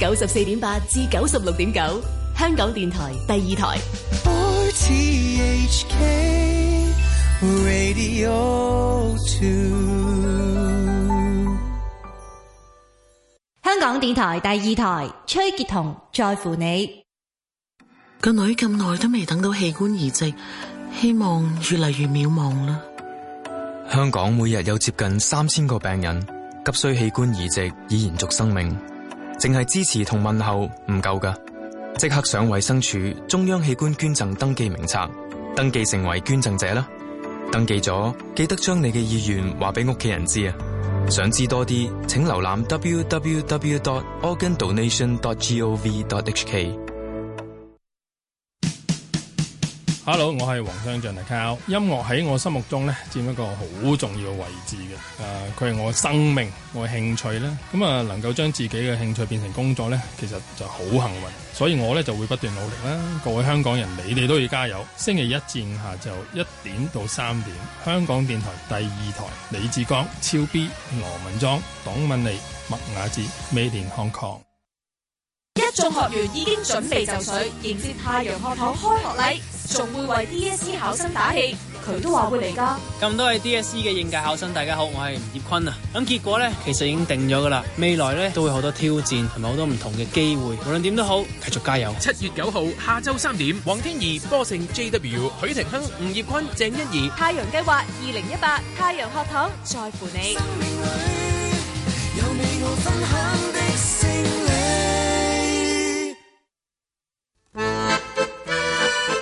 九十四點八至九十六點九，香港電台第二台。RTHK Radio Two，香港電台第二台。崔潔彤在乎你個女咁耐都未等到器官移植，希望越嚟越渺茫啦。香港每日有接近三千個病人急需器官移植以延續生命。淨係支持同問候唔夠㗎，即刻上衛生署中央器官捐贈登記名冊，登記成為捐贈者啦。登記咗，記得將你嘅意願話俾屋企人知啊。想知多啲，請瀏覽 w w w dot organ donation dot g o v dot h k。Hello，我係黃商將 The Cow。音樂喺我心目中咧，佔一個好重要嘅位置嘅。誒、啊，佢係我嘅生命，我嘅興趣咧。咁啊，能夠將自己嘅興趣變成工作咧，其實就好幸運。所以我咧就會不斷努力啦。各位香港人，你哋都要加油。星期一至五下晝一點到三點，香港電台第二台，李志剛、超 B、羅文莊、董敏莉、麥雅志、Made in Hong Kong。眾學員已經準備就緒，迎接太陽學堂開學禮，仲會為 DSE 考生打氣，佢都話會嚟噶。咁多位 DSE 嘅應屆考生，大家好，我係吳業坤啊。咁結果咧，其實已經定咗噶啦。未來咧都會好多挑戰，同埋好多唔同嘅機會。無論點都好，繼續加油。七月九號，下晝三點，黃天怡、波勝、J W、許廷鏗、吳業坤、鄭欣宜，太陽計劃二零一八，太陽學堂，在乎你。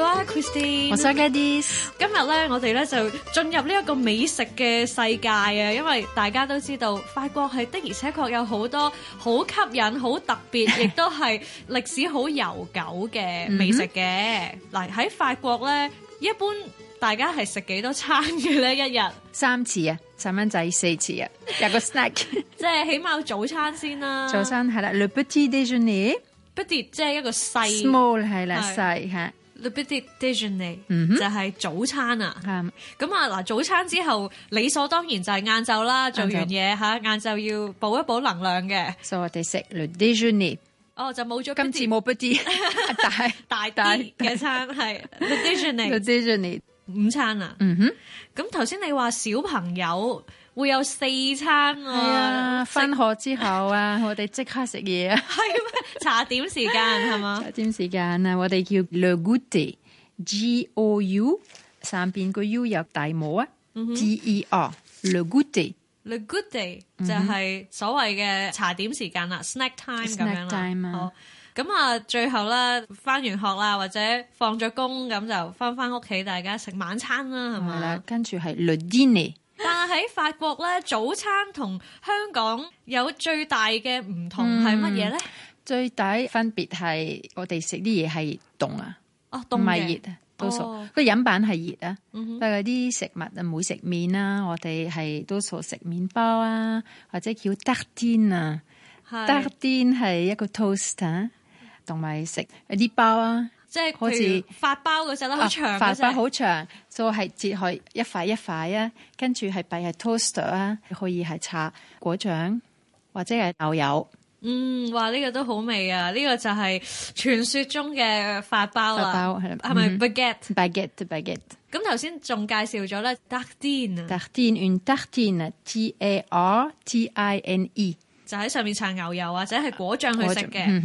我係 Christine，我係 Gadis。今日咧，我哋咧就進入呢一個美食嘅世界啊！因為大家都知道，法國係的而且確有好多好吸引、好特別，亦都係歷史好悠久嘅美食嘅。嗱，喺法國咧，一般大家係食幾多餐嘅咧？一日三次啊，細蚊仔四次啊，有個 snack，即係起碼早餐先啦。早餐係啦，le petit déjeuner，petit 即係一個細 small 係啦，細嚇。Le petit déjeuner、mm hmm. 就係早餐啊，咁啊嗱，早餐之後理所當然就係晏晝啦，做完嘢吓，晏晝午要補一補能量嘅。所以、so, 我哋食《y、mm hmm. le déjeuner，哦就冇咗今次冇 petit 大大大嘅餐係 le déjeuner 午餐啊，嗯哼、mm，咁頭先你話小朋友。會有四餐喎，翻學之後啊，我哋即刻食嘢啊，係咩？茶點時間係嘛？茶點時間啊，我哋叫 le goûte，G-O-U，三拼音嘅 U 有大帽啊，D-E-A，le goûte，le goûte 就係所謂嘅茶點時間啦，snack time 咁樣啦。咁啊，最後啦，翻完學啦，或者放咗工咁就翻翻屋企，大家食晚餐啦，係咪啦？跟住係 le dîner。但喺法國咧，早餐同香港有最大嘅唔同係乜嘢咧？最大分別係我哋食啲嘢係凍啊，的熱的多哦，凍唔係熱，多數。個飲品係熱啊，不過啲食物啊，唔會食麵啊。我哋係多數食麵包啊，或者叫 dardin 啊是 dardin 係一個 toast 啊，同埋食啲包啊。即係，譬如發包嗰時候都好像很長嗰、啊、發包好長，就係切開一塊一塊啊，跟住係擺喺 toaster 啊，可以係搽果醬或者係牛油。嗯，哇！呢、這個都好味啊，呢、這個就係傳説中嘅發包啦、啊，係咪 baguette？baguette，baguette。咁頭先仲介紹咗啦 tartine, tartine, t a r t i n e t a r t i n e tartine，t-a-r-t-i-n-e。就喺上面搽牛油或者係果醬去食嘅。咁、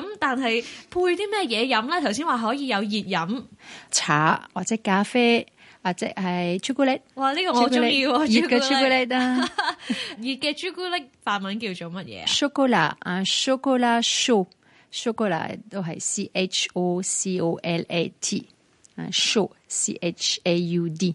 嗯、但係配啲咩嘢飲咧？頭先話可以有熱飲茶或者咖啡或者係朱古力。哇，呢、這個我好中意熱嘅朱古力啦！熱嘅朱古力， 熱嘅朱古力法文叫做乜嘢？chocolat，嗯 chocolat chaud，chocolat，都係 c h o c o l a t，嗯，chaud，c h a u d。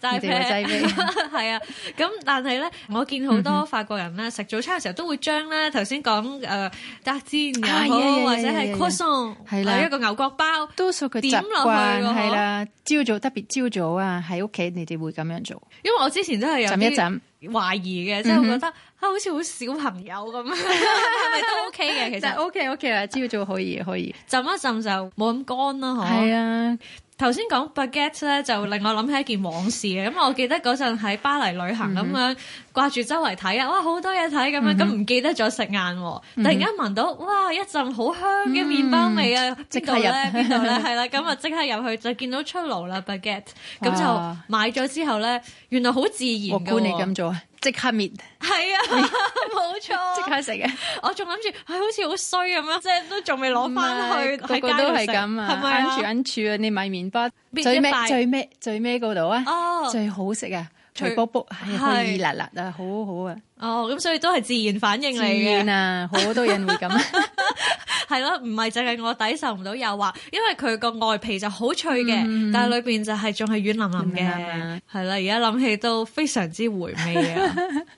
齋皮，係啊，咁但係咧，我見好多法國人咧食早餐嘅時候都會將咧頭先講誒，炸煎嘅或者係 c o s s a 係啦一個牛角包，多數佢習慣係啦，朝早特別朝早啊喺屋企你哋會咁樣做，因為我之前都係有浸一浸懷疑嘅，即係覺得啊好似好小朋友咁，係咪都 OK 嘅？其實 OK OK 啊，朝早可以可以，浸一浸就冇咁乾啦，嗬。係啊。頭先講 Baguette 咧，就令我諗起一件往事嘅。咁我記得嗰陣喺巴黎旅行咁樣。嗯掛住周圍睇啊，哇，好多嘢睇咁樣，咁唔記得咗食晏，突然間聞到哇一陣好香嘅麵包味啊，邊度咧？邊度咧？係啦，咁啊，即刻入去就見到出爐啦 Baguette 咁就買咗之後咧，原來好自然我管你咁做啊，即刻搣，係啊，冇錯，即刻食嘅，我仲諗住好似好衰咁啊，即係都仲未攞翻去喺街度食，係咪啊？搵處搵處你買麵包，最屘最屘最屘嗰度啊，最好食啊！脆卜卜，係熱辣辣啊，是是好，好好啊！哦，咁所以都係自然反應嚟嘅，自然啊，好多人會咁，係咯，唔係淨係我抵受唔到誘惑，因為佢個外皮、嗯、就好脆嘅，但係裏邊就係仲係軟腍腍嘅，係啦，而家諗起都非常之回味啊！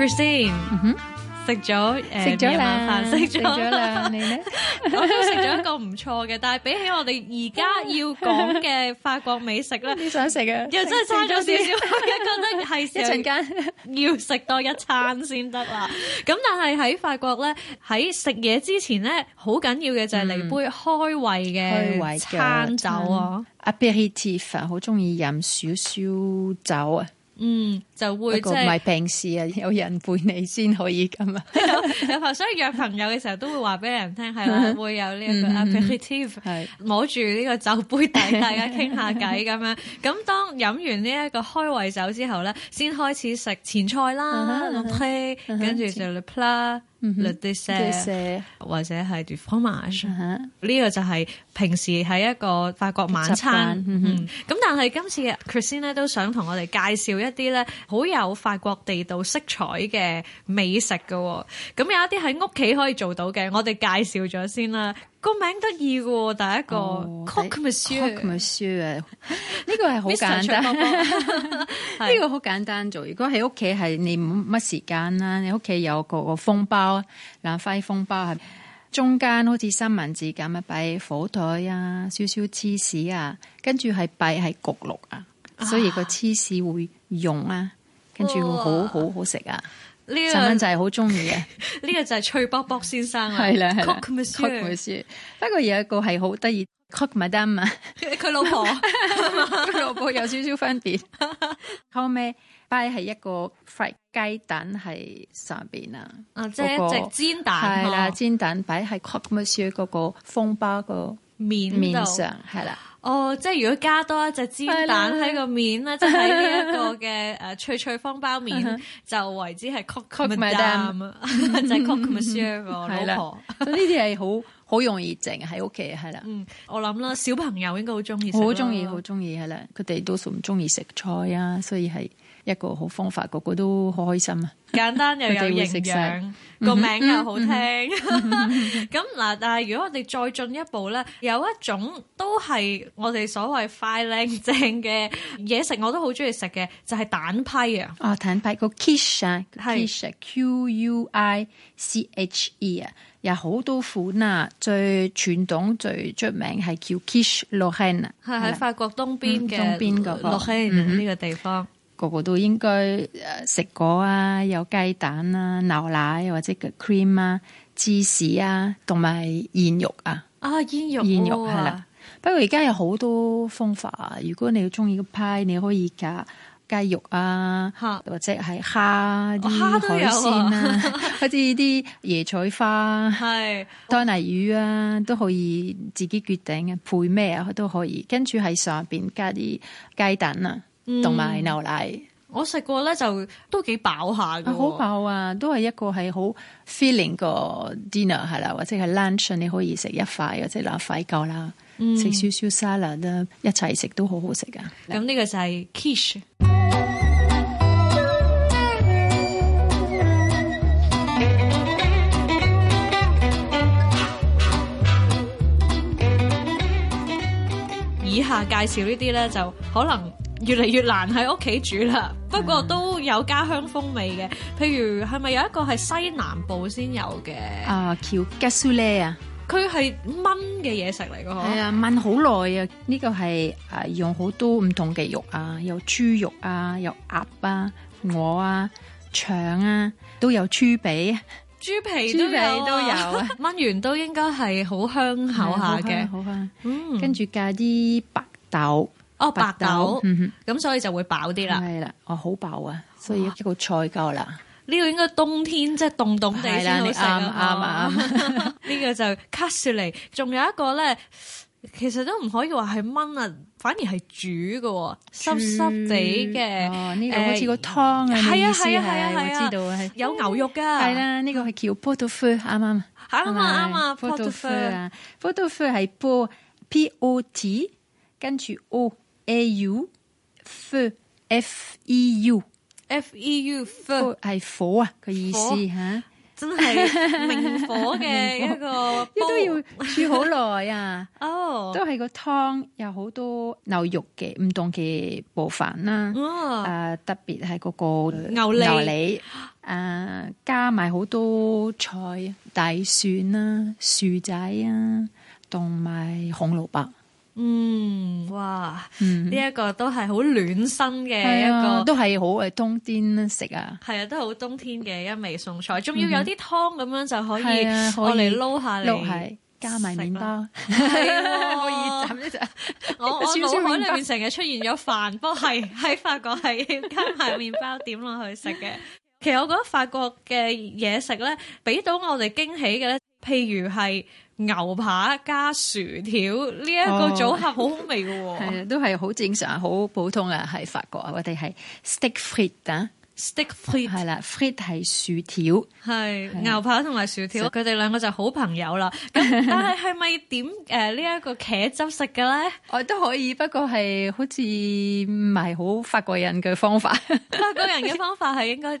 食咗食咗兩飯，食咗兩你呢，我都食咗一個唔錯嘅。但係比起我哋而家要講嘅法國美食咧，啲想食嘅又真係差咗少少，覺得係一陣間要食多一餐先得啦。咁但係喺法國咧，喺食嘢之前咧，好緊要嘅就係嚟杯開胃嘅開胃餐酒啊。Aperitif 好中意飲少少酒啊，嗯。就會即係病史啊，有人陪你先可以咁啊，所以約朋友嘅時候都會話俾人聽，係啦，會有呢一個 apéritif，摸住呢個酒杯底，大家傾下偈咁樣。咁當飲完呢一個開胃酒之後咧，先開始食前菜啦，跟住就 le plat，le dessert 或者係 du fromage，呢個就係平時喺一個法國晚餐。咁但係今次 Christine 咧都想同我哋介紹一啲咧。好有法國地道色彩嘅美食喎，哦。咁有一啲喺屋企可以做到嘅，我哋介紹咗先啦。個名得意喎，第一個。哦、Croque monsieur、Croque monsieur 呢個係好簡單，呢個好簡單做。如果喺屋企係你乜時間啦？你屋企有個個風包，兩塊風包係中間好似三文治咁啊，擺火腿呀，少少芝士呀。跟住係擺係焗爐呀。所以個芝士會溶呀。啊跟住好好好食啊！呢個就係好中意嘅。呢個就係脆卜卜先生啦。係啦係啦，Cook Monsieur。不過有一個係好得意，Cook Madame 啊，佢老婆，佢老婆有少少分別。後尾擺係一個 fried 雞蛋係上邊啊，啊即係一隻煎蛋係啦，煎蛋擺喺 Cook Monsieur 嗰個方包個面面上係啦。哦，即係如果加多一隻煎蛋喺個面咧，即係呢一個嘅誒脆脆方包面 就為之係 Croque Croque Madame，即係 Croque Monsieur 老婆。呢啲係好好容易整喺屋企，係啦。嗯，我諗啦，小朋友應該好中意，好中意，好中意，係啦。佢哋多數唔中意食菜啊，所以係。一個好方法，個個都好開心啊！簡單又有營養，個名又好聽。咁嗱、嗯嗯嗯， 但係如果我哋再進一步咧，嗯、有一種都係我哋所謂快靚 正嘅嘢食，我都好中意食嘅，就係、是、蛋批啊！哦，蛋批個 quiche 啊 quiche q u i c h e 啊，有好多款啊，最傳統最出名係叫 quiche 羅亨啊，係喺法國東邊嘅東邊嗰個羅亨呢個地方。嗯個個都應該食果啊，有雞蛋啊、牛奶或者嘅 cream 啊、芝士啊，同埋煙肉啊。啊，煙肉啊煙肉煙肉係啦。啊、不過而家有好多方法，啊。如果你中意個派，你可以加雞肉啊，啊或者係蝦啲海鮮啊，好似啲椰菜花、係 是吞拿魚啊，都可以自己決定啊配咩啊，都可以。跟住喺上邊加啲雞蛋啊。同埋，嗯、牛奶，我食過咧就都幾飽下嘅，好飽啊，啊！都係一個係好 feeling 個 dinner 係啦，或者係 lunch，你可以食一塊或者兩塊夠啦，食，嗯、少少沙律，啦，一齊食都好好食噶。咁呢個就係 quiche。以下介紹呢啲咧，就可能。越嚟越難喺屋企煮啦，不過都有家鄉風味嘅。 譬如係咪有一個係西南部先有嘅？啊 Cassoulet 咧啊，佢係炆嘅嘢食嚟嘅嗬。係啊，炆好耐啊。呢、這個係啊用好多唔同嘅肉，肉啊，有豬肉啊，有鴨啊、鵝啊、腸啊，都有豬髀，豬皮都有、啊、豬皮都有、啊。炆 完都應該係好香口下嘅，好香。香嗯，跟住加啲白豆。哦，白豆咁，所以就會飽啲啦。係啦，哦，好飽啊，所以一個菜夠啦。呢個應該冬天即係凍凍地先好食啱啱？呢個就 cut 雪嚟。仲有一個咧，其實都唔可以話係燜啊，反而係煮嘅，濕濕地嘅。哦，呢個好似個湯啊。係啊係啊係啊！我知道有牛肉噶。係啦，呢個係叫 pot-au-feu 啱啱？啱啱啊 pot-au-feu pot-au-feu 係 pot，p o t，跟住 o。A u? F,、e u, F e、u F、e、u F E U F E U，火係火啊個意思吓，真係明火嘅一個都要煮好耐啊。哦、oh.，都係個湯有好多牛肉嘅唔同嘅部分啦。哦，誒特別係嗰個牛脷，誒加埋好多菜，大蒜啦、啊、薯仔啊，同埋紅蘿蔔。嗯，哇！呢一個都係好暖身嘅一個，都係好誒冬天食啊。係啊，都係好冬天嘅一味餸菜，仲要有啲湯咁樣就可以，我嚟撈下嚟，加埋麵包，可以浸一浸。我我腦海裏面成日出現咗飯，不過係喺法國係加埋麵包點落去食嘅。其實我覺得法國嘅嘢食咧，俾到我哋驚喜嘅咧，譬如係。牛扒加薯條呢一個組合好好味嘅喎、哦哦， 都係好正常、好普通嘅，係法國啊，我哋係 steak frit 啊，steak frit 係啦，frit 係薯條，係的的牛扒同埋薯條，佢哋的兩個就好朋友啦。咁 但係係咪點誒呢一個茄汁食嘅咧？我都可以，不過係好似唔係好法國人嘅方法， 法國人嘅方法係應該。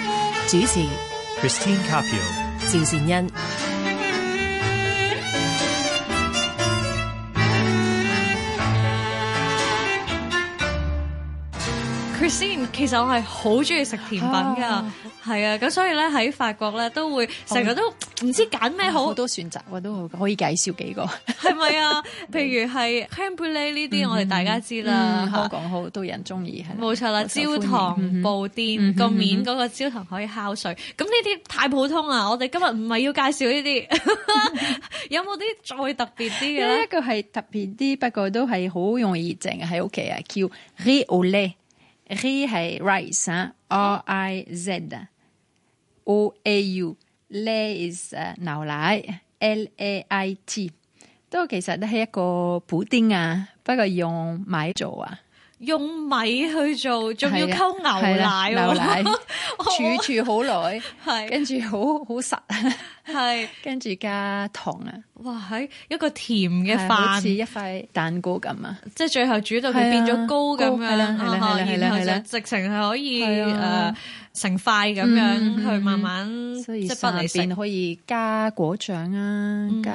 主持 Christine Capio、趙善恩。Christine，其實我係好中意食甜品噶，係啊、oh.，咁所以咧喺法國咧都會成日都。Oh. 唔知揀咩好，好多、嗯、選擇我都可以介紹幾個，係咪啊？譬 如係香培呢？呢啲、mm hmm. 我哋大家知啦，香港、嗯、好多、啊、人中意係。冇錯啦，焦糖布甸、mm hmm. 面個面嗰個焦糖可以敲碎，咁呢啲太普通啦，我哋今日唔係要介紹呢啲， 有冇啲再特別啲嘅？呢一個係特別啲，不過都係好容易整喺屋企啊，叫 Riz au lait，Riz 係 Rice，R I Z，O A U 呢係誒牛奶，L A, is,、uh, like, L A I T，都其實都係一個布丁啊，不過用米做啊。用米去做，仲要溝牛奶，儲儲好耐，跟住好好實，係跟住加糖啊！哇，係一個甜嘅飯，好似一塊蛋糕咁啊！即係最後煮到佢變咗糕咁樣，然後就直情係可以誒成塊咁樣去慢慢即係不離邊，可以加果醬啊，加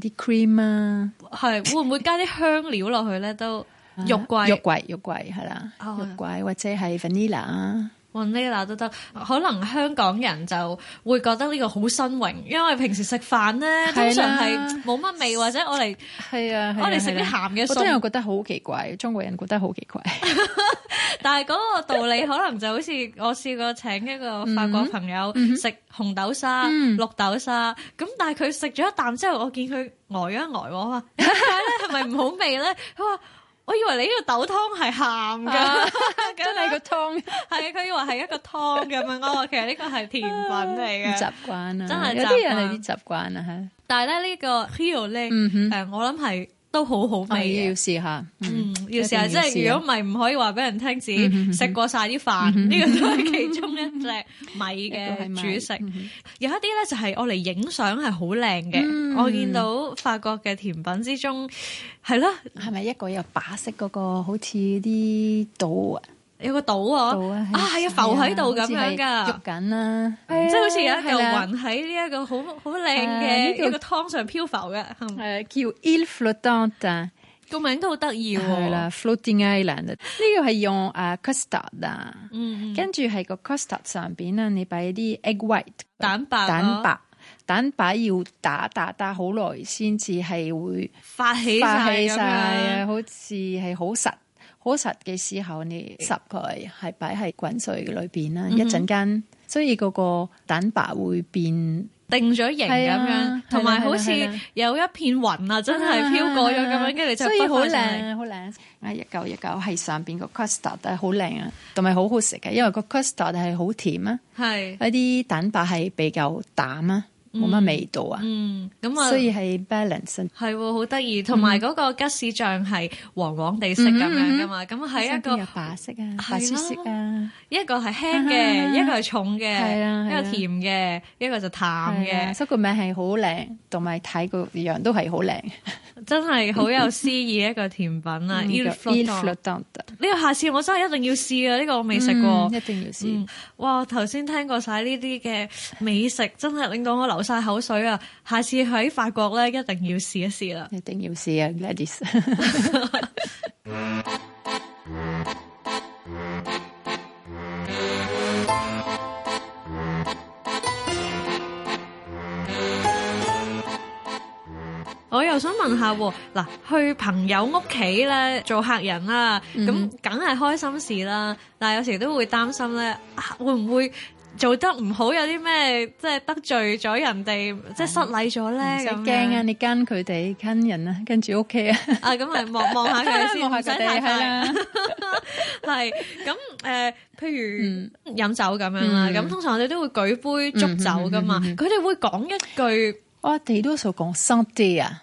啲 cream 啊，係會唔會加啲香料落去咧？都肉桂、肉桂、肉桂係啦，肉桂或者係 vanilla，vanilla 都得。可能香港人就會覺得呢個好新穎，因為平時食飯咧，通常係冇乜味，或者我哋係啊，我哋食啲鹹嘅餸。我真係覺得好奇怪，中國人覺得好奇怪。但係嗰個道理可能就好似我試過請一個法國朋友食紅豆沙、綠豆沙，咁但係佢食咗一啖之後，我見佢呆啊呆，我話係咪唔好味咧？佢話。我以為你呢個豆湯係鹹㗎，真係 個湯， 係佢以為係一個湯咁樣。我話其實呢個係甜品嚟嘅。習慣啦，真係有啲人係啲習慣啊吓。但係呢個 heal 咧，誒，我諗係。都好好味嘅、哦、要試下。嗯，要試下。一要試一下即係如果唔係，唔可以話俾人聽自己食過晒啲飯。呢、嗯、哼個都係其中一隻米嘅主食。嗯、哼有一啲咧就係、嗯、哼我嚟影相係好靚嘅。我見到法國嘅甜品之中，係咯、嗯哼，係咪了一個有白色嗰、那個，好似啲豆。啊？有個島啊，啊係啊，浮喺度咁樣噶，捉緊啦，即係好似有一嚿雲喺呢一個好好靚嘅一個湯上漂浮嘅，係咪？叫 Île flottante，個名都好得意喎，係喇，Floating Island。呢個係用個 custard，嗯，跟住係個 custard 上邊啊，你擺啲 egg white，蛋白，蛋白，蛋白要打打打好耐先至係會發起發起晒啊，好似係好實。好實嘅時候，你烚佢係擺喺滾水裏邊啦，嗯、哼一陣間，所以嗰個蛋白會變定咗形咁樣，同埋、啊啊啊、好似有一片雲啊，真係飄過咗咁樣，跟住就。所以好靚，好靚。啊，一嚿一嚿係上面個 custard，但係好靚啊，同埋好好食嘅，因為個 custard 係好甜啊，係一啲蛋白係比較淡啊。冇乜味道啊！嗯，咁啊，所以係 balance，係好得意。同埋嗰個吉士醬係黃黃哋色咁樣噶嘛，咁係一個白色啊，白色色啊，一個係輕嘅，一個係重嘅，係啊，一個甜嘅，一個就淡嘅。所以個名係好靚，同埋睇個樣都係好靚，真係好有詩意一個甜品啊 île flottante，呢個下次我真係一定要試啊！呢個我未食過，一定要試。哇！頭先聽過晒呢啲嘅美食，真係令到我流晒口水啊！下次喺法國咧，一定要試一試啦。一定要試啊，ladies 我又想問下喎，嗱，去朋友屋企咧做客人啦，咁梗係開心事啦。但係有時都會擔心咧，會唔會做得唔好，有啲咩即係得罪咗人哋，即係失禮咗咧？唔使驚啊，你跟佢哋跟人啊，跟住屋企啊。啊，咁係望望下佢哋先，唔使太快啊。係咁誒，譬如飲酒咁樣啦，咁通常我哋都會舉杯祝酒㗎嘛。佢哋會講一句，我哋多數講 something 啊。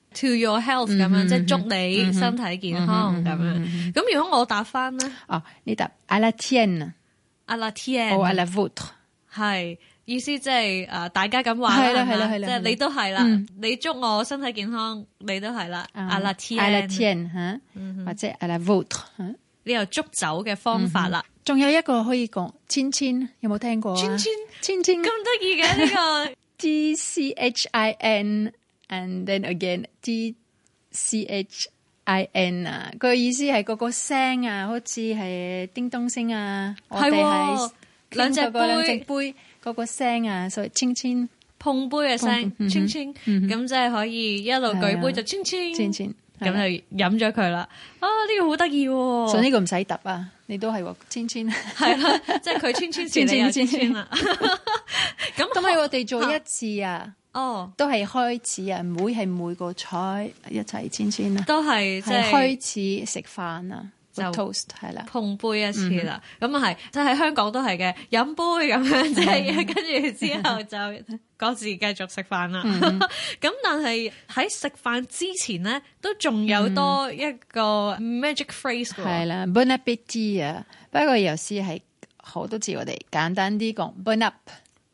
To your health 咁樣，即係祝你身體健康咁樣。咁如果我答返咧，哦，你答，à la tienne，à la tienne，à la vôtre，係意思即係誒，大家咁話啦，即係你都係啦，你祝我身體健康，你都係啦，à la tienne，à la tienne，吓，或者 à la vôtre 吓，你又祝酒嘅方法啦。仲有一個可以講，千千有冇聽過？千千，千千，咁得意嘅呢個？T C H I N。And then again, T C H I N 啊，佢意思係嗰個聲啊，好似係叮咚聲啊，係兩隻杯，兩隻杯，嗰個聲啊，所以鏘鏘碰杯嘅聲，鏘鏘咁即係可以一路舉杯就鏘鏘鏘鏘，咁就飲咗佢啦。啊，呢個好得意，所以呢個唔使揼啊，你都係喎，鏘鏘係啦，即係佢鏘鏘鏘鏘啦，咁都係我哋做一次啊。哦，oh, 都係開始啊，每係每個菜一齊簽簽啦，都係即係開始食飯啦，就 toast 係啦，碰杯一次啦，咁啊係，即、hmm. 係、即係即係、香港都係嘅，飲杯咁樣即係，跟住之後就各自繼續食飯啦。咁、mm hmm. 但係喺食飯之前咧，都仲有多一個 magic phrase 嘅、mm，係啦 Bon Appetit 啊，不過、bon、有時係好多字我哋簡單啲講 Bon App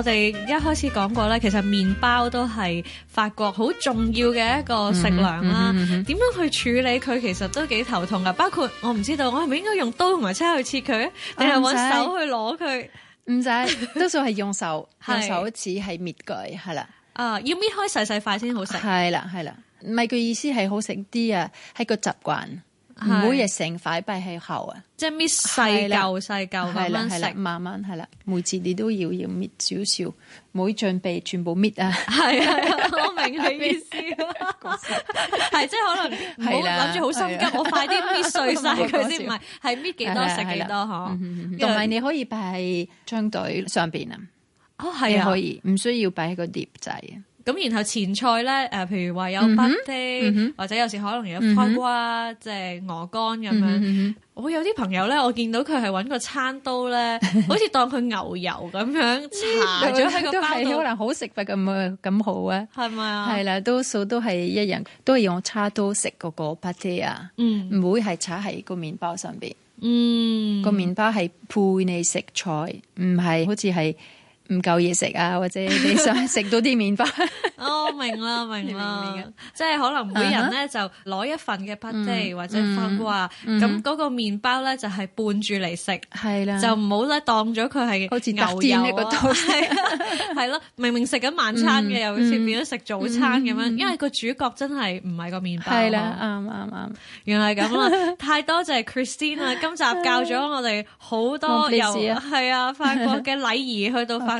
我哋一開始講過咧，其實麵包都係法國好重要嘅一個食糧啦。點、嗯嗯、樣去處理佢，其實都幾頭痛噶。包括我唔知道，我係咪應該用刀同埋叉去切佢，定係我手去攞佢？唔使， 多數係用手，是用手指係滅句係啦。啊，要搣開細細塊先好食。係啦係啦，唔係佢意思係好食啲啊，係個習慣。唔好日成塊擺喺後啊，即係搣細嚿細嚿慢慢食，慢慢係啦。每次你都要要搣少少，唔好準備全部搣啊。係啊，我明你嘅意思。係即係可能唔好諗住好心急，我快啲搣碎晒佢先，唔係，係搣幾多食幾多嗬。同埋你可以擺喺張台上邊啊。哦，係啊，可以，唔需要擺喺個碟仔。咁然後前菜咧，誒、嗯哼，譬如話有 pâté，或者有時可能有番瓜，瓜，即係鵝肝咁樣。嗯、哼我有啲朋友咧，我見到佢係搵個餐刀咧， 好似當佢牛油咁樣搽咗喺個包度，係可能好食，但係唔係咁好咧，係咪啊？係吧啦，多數都係一樣，都係用叉刀食嗰個 pâté 啊。嗯，唔會係搽喺個麵包上邊。嗯，個麵包係配你食菜，唔係好似係。唔夠嘢食啊，或者你想食到啲麵包，我明啦明啦明即係可能每人咧就攞一份嘅 party 或者飯啊。咁嗰個麵包咧就係伴住嚟食，係啦，就唔好咧當咗佢係好似牛油啊，係咯，明明食緊晚餐嘅，又好似變咗食早餐咁樣，因為個主角真係唔係個麵包，係啦，啱啱啱，原來咁啦太多謝 Christine 啦，今集教咗我哋好多由係啊法國嘅禮儀去到法。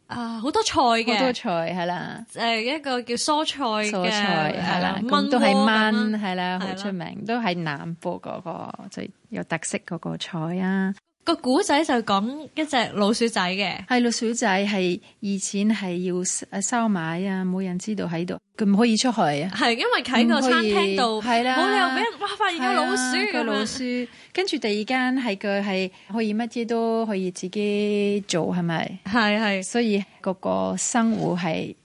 啊！好多菜嘅好多菜係啦、呃，一個叫蔬菜蔬菜係啦，咁都係燜，係蚊啦，好出名，啦都係南部嗰、嗰個就有特色嗰個菜啊！個古仔就講一隻老鼠仔嘅，係老鼠仔係以前係要收買啊，冇人知道喺度，佢唔可以出去啊，係因為喺個餐廳度，係啦、嗯，冇的理由俾人哇，發現個老鼠個的的老鼠，跟住第二間係佢係可以乜嘢都可以自己做係咪？係係，的所以個個生活係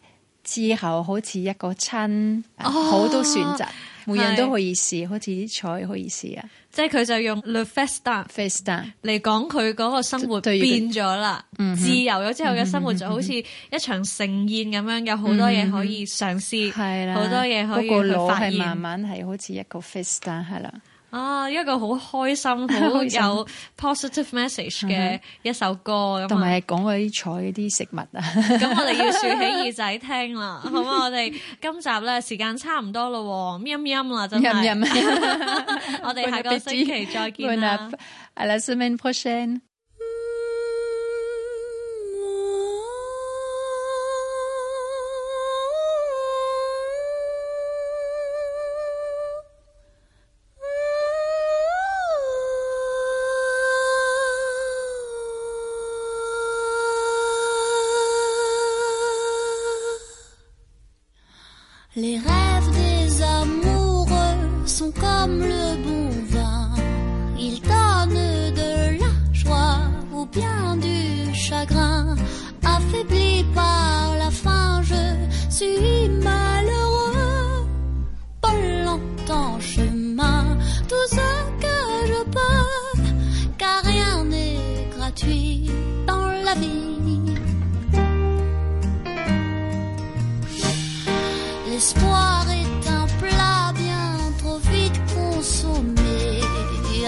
之後好似一個親，好、哦、多選擇。每人都可以試，是好似啲菜可以試啊！即係佢就用 le festin, festin 嚟講佢嗰個生活變咗啦，自由咗之後嘅、嗯、哼生活就好似一場盛宴咁樣，嗯、哼有好多嘢可以嘗試，好、嗯、哼多嘢可以去發現、那個、是慢慢係好似一個 festin 係啦。啊，一個好開心、好心有 positive message 嘅一首歌，同埋講嗰啲菜啲食物啊，咁 我哋要豎起耳仔聽啦。 好嘛，我哋今集咧時間差唔多咯，喵喵啦，真係。咪咪 我哋下個星期再見啦。À la semaine prochaine。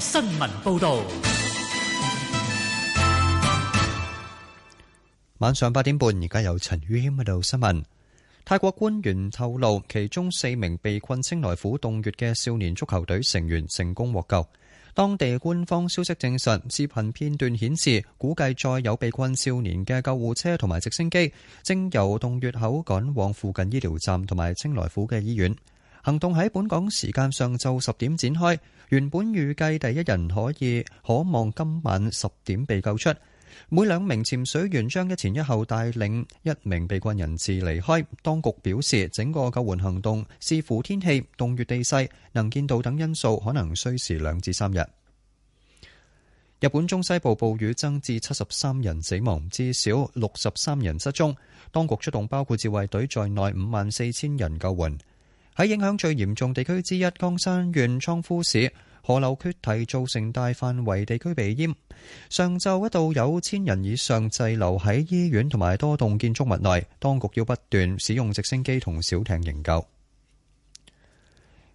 新聞報道。晚上八點半，而家由陳宇謙報道新聞。泰國官員透露，其中四名被困清萊府洞穴嘅少年足球隊成員成功獲救。當地官方消息證實，視頻片段顯示，估計再有被困少年嘅救護車同埋直升機正由洞穴口趕往附近醫療站同埋清萊府嘅醫院。行動喺本港時間上晝十點展開。原本預計第一人可以可望今晚十點被救出，每兩名潛水員將一前一後帶領一名被困人士離開。當局表示，整個救援行動視乎天氣、洞穴地勢、能見度等因素，可能需時兩至三日。日本中西部暴雨增至七十三人死亡，至少六十三人失蹤。當局出動包括自衛隊在內五萬四千人救援。喺影響最嚴重地區之一江山縣倉敷市，河流決堤造成大範圍地區被淹。上晝一度有千人以上滯留喺醫院同埋多棟建築物內，當局要不斷使用直升機同小艇營救。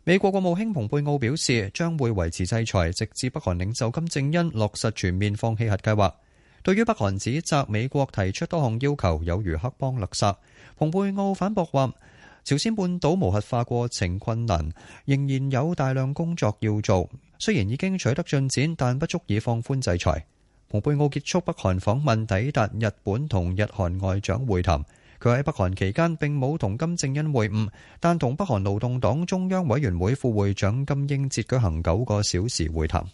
美國國務卿蓬佩奧表示，將會維持制裁，直至北韓領袖金正恩落實全面放棄核計劃。對於北韓指責美國提出多項要求有如黑幫勒殺，蓬佩奧反駁話。朝鮮半島無核化過程困難，仍然有大量工作要做。雖然已經取得進展，但不足以放寬制裁。蓬佩奧結束北韓訪問，抵達日本同日韓外長會談。佢喺北韓期間並冇同金正恩會晤，但同北韓勞動黨中央委員會副會長金英哲舉行九個小時會談。